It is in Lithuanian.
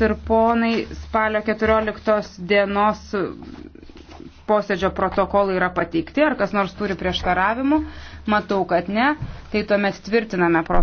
ir ponai, spalio 14 dienos posėdžio protokolai yra pateikti, ar kas nors turi prieštaravimų, matau, kad ne, tai tuomet tvirtiname protokolą.